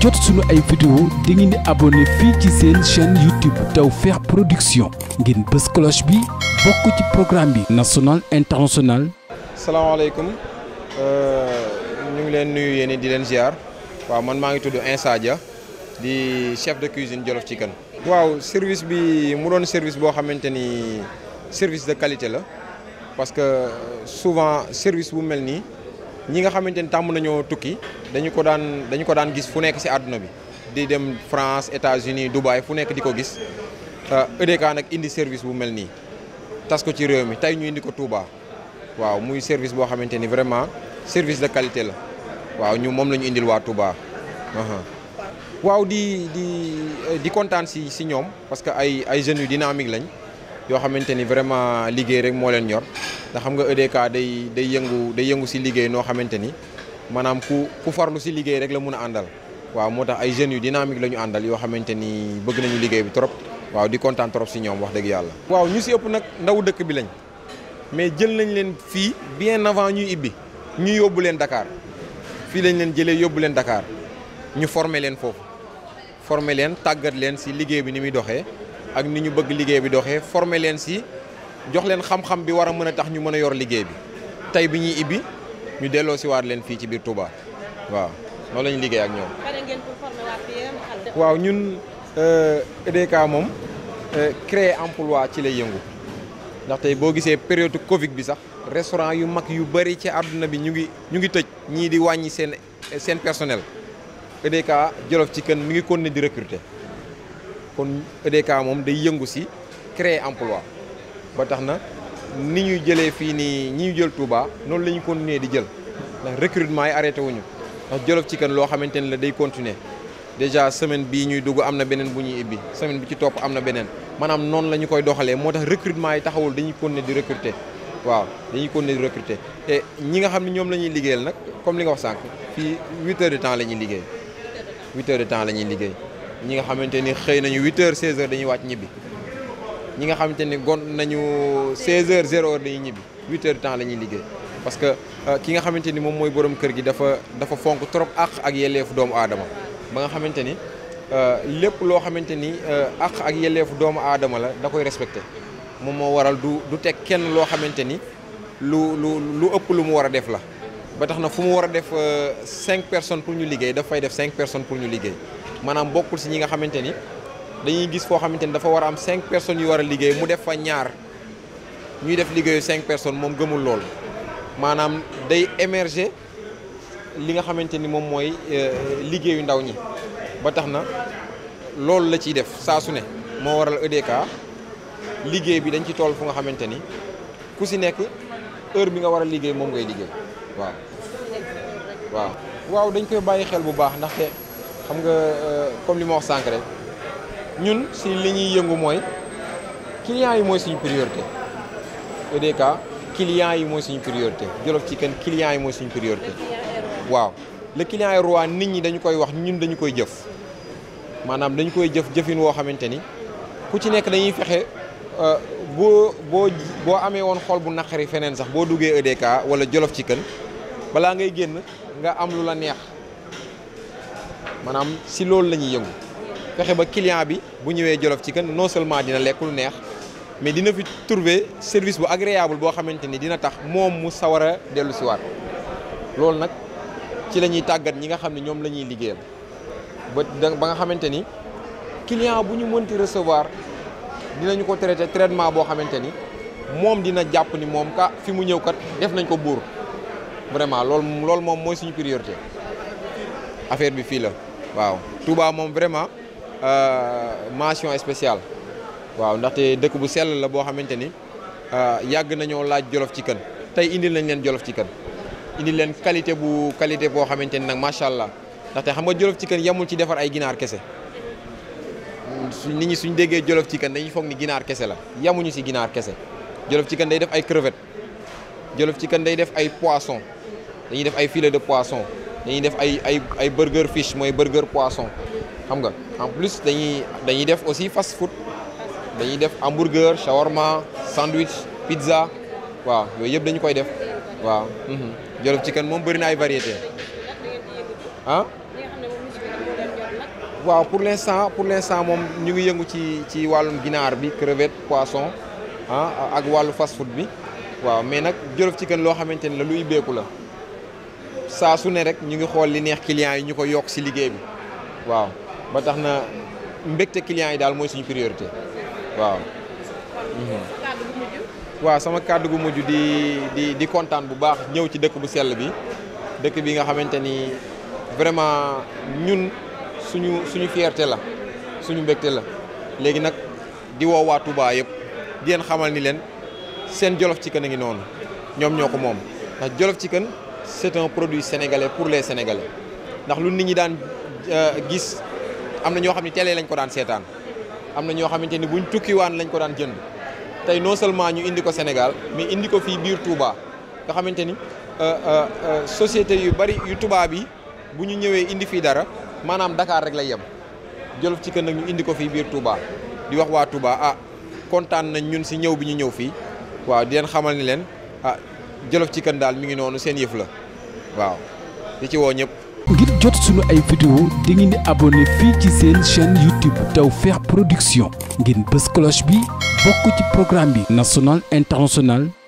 jot suñu ay vidéo da ngeen di abonné fii ci seen chaîne YouTube Tawfekh Production ngeen bës cloche bi bokk ci programme bi national international salaamaaleykum euh, ñu ngi leen nuyu yéen di leen ziar waaw man maa ngi tudd Insa di chef de cuisine Jolof ci kan waaw service bi mu doon service boo xamante ni service de qualité la parce que euh, souvent service bu mel nii ñi nga xamante ni tàmm nañoo tukki dañu ko daan dañu ko daan gis fu nekk ci àdduna bi di dem France États-Unis Dubaï fu nekk di ko gis EDK e nag indi service bu mel nii tas ko ci réew mi tey ñu indi ko Touba waaw muy service boo xamante ni vraiment service de qualité la waaw ñu moom la ñu indil waa Touba. waaw di di di kontaan si si ñoom parce que ay ay jeunes yu dynamique lañ. yoo xamante ni vraiment liggéey rek moo leen ñor ndax xam nga EDK day day yëngu day yëngu si liggéey noo xamante ni maanaam ku ku farlu si liggéey rek la mun a àndal waaw moo tax ay jeunes yu dynamique la ñu àndal yoo xamante ni bëgg nañu liggéey bi trop waaw di kontaan trop si ñoom wax dëgg yàlla. waaw ñu si ëpp nag ndaw dëkk bi lañ mais jël nañ leen fii bien avant ñuy ibbi ñu yóbbu leen Dakar fii lañ leen jëlee yóbbu leen Dakar ñu former leen foofu former leen tàggat leen si liggéey bi ni muy doxee. ak ni ñu bëgg liggéey bi doxee former leen si jox leen xam-xam bi war a mën a tax ñu mën a yor liggéey bi tey bi ñuy ibbi ñu delloo si waat leen fii ci biir Touba waaw noonu la liggéey ak ñoom. waaw ñun EDK euh, e moom euh, créer emploi ci lay yëngu ndax tey boo gisee période Covid bi sax restaurant yu mag yu bëri ci àdduna bi ñu ngi ñu ngi tëj ñii di wàññi seen seen personnel EDK Jolof kën mi ngi kon di recruter. kon EDK moom day yëngu si créer emploi ba tax na ni ñuy jëlee fii nii ñi ñu jël Touba noonu la ñu continuer di jël ndax recrutement yi arrêté wuñu ndax Jolof Chicken loo xamante ni la day continuer déjà semaine bii ñuy dugg am na beneen bu ñu ibbi semaine bi ci topp am na beneen maanaam noonu la ñu koy doxalee moo tax recrutement yi taxawul dañuy continuer di recruter waaw dañuy continuer di recruter te ñi nga xam ne ñoom la ñuy liggéeyal nag comme li nga wa sànq fii huit heures la ñuy liggéey huit de temps la ñuy liggéey ñi nga xamante ni xëy nañu huit heures seize heures dañuy wàcc ñibbi ñi nga xamante ni gon nañu seize heures zéro heure dañuy ñibbi huit heures temps la ñuy liggéey parce que euh, ki nga xamante ni moom mooy boroom kër gi dafa dafa fonk trop àq ak yelleefu doomu aadama ba nga xamante ni euh, lépp loo xamante ni euh, àq ak yelleefu doomu aadama la da koy respecté moom moo waral du du teg kenn loo xamante ni lu lu lu ëpp lu mu war a def la ba tax na fu mu war a def cinq personnes pour ñu liggéey def cinq personnes pour ñu liggéey maanaam bokkul si ñi nga xamante ni dañuy gis foo xamante ni dafa war a am cinq personnes yu war a liggéey mu def fa ñaar ñuy def liggéeyu cinq personnes moom gëmul lool maanaam day émerger li nga xamante ni moom mooy euh, liggéeyu ndaw ñi ba tax na loolu la ciy def saa su ne moo waral EDK liggéey bi dañ ci tool fu nga xamante ni ku si nekk heure bi nga war a liggéey moom ngay liggéey waaw waaw waaw dañ koy bàyyi xel bu baax ndaxte xam nga euh, comme li ma wax sànq ñun si li ñuy yëngu mooy clients yi mooy suñu priorité EDK clients yi mooy suñu priorité Jolof Chicken clients yi mooy suñu priorité waaw le client nit ñi dañu koy wax ñun dañu koy jëf maanaam dañu koy jëf jëfin woo xamante ni ku ci nekk dañuy fexe euh, boo boo boo amee woon xool bu naqari feneen sax boo duggee EDK wala Jolof kën balaa ngay génn nga am lu la neex maanaam si loolu la ñuy yëngu fexe ba client bi bu ñëwee Jolof Chicken non seulement dina lekk lu neex mais dina fi trouver service bu agréable boo xamante ni dina tax moom mu sawara dellu si waat loolu nag ci la ñuy tàggat ñi nga xam ne ñoom la ñuy liggéeyal ba ba nga xamante ni client bu ñu mënti recevoir dinañu ko traité traitement boo xamante ni moom dina jàpp ni moom ka fi mu ñëw kat def nañ ko buur vraiment loolu moom mooy suñu priorité affaire bi fii la. waaw Touba moom vraiment euh, mention spéciale waaw ndaxte dëkk bu sell la boo xamante ni euh, yàgg nañoo laaj jolof ci kën tey indi nañ leen jolof ci kën indi leen qualité bu qualité boo xamante ni nag macha allah ndaxte xam nga jolof ci kën yemul ci defar ay ginaar kese nit ñi suñ déggee jolof ci kën dañuy foog ni ginaar kese la yemuñu si ginaar kese jolof ci kën day def ay crevette jolof ci kën day def ay poisson dañuy def ay filet de poisson dañuy def ay ay ay burger fish mooy burger poisson xam nga en plus dañuy dañuy def aussi fast food dañuy def hamburger shawarma sandwich pizza waaw yooyu yëpp dañu koy def waaw. Mhm. Jolof Chicken moom bëri ay variété ah. waaw pour l'instant pour l'instant moom ñu ngi yëngu ci ci wàllum ginaar bi crevette poisson ah ak wàllu fast food bi waaw mais nag Jolof Chicken loo xamante ni la lu ubbeeku la. saa su ne rek ñu ngi xool li neex clients yi ñu ko yokk si liggéey bi waaw ba tax na mbégte clients yi daal mooy suñu priorité waaw. Mhm. waaw sama kàddu gu mujj di di di kontaan bu baax ñëw ci dëkk bu sell bi dëkk bi nga xamante ni vraiment ñun suñu suñu fierté la suñu mbégte la léegi nag di woo waa Touba yëpp di leen xamal ni leen seen Jolof Chicken a ngi noonu ñoom ñoo ko moom ndax Jolof kën c'est produit sénégalais pour les sénégalais ndax lu nit ñi daan euh, gis am na ñoo xam ne tele lañ ko daan seetaan am na ñoo xamante ni buñ tukkiwaan lañ ko daan jënd tey non seulement ñu indi ko Sénégal mais indi ko fii biir Touba nga xamante ni euh, euh, société yu bari yu tubaab yi bu ñu ñëwee indi fii dara maanaam Dakar rek lay yem Jolof ci kën nag ñu indi ko fii biir Touba di wax waa Touba ah kontaan nañ ñun si ñëw bi ñu ñëw fii waaw di leen xamal ni leen ah Jolof Chicken daal mu ngi noonu seen yëf la waaw di ci woo ñëpp. ngir jot suñu ay vidéo di ngeen di abonné fii ci seen chaîne YouTube Tawfekh Production ngeen bës cloche bi bokk ci programme bi national international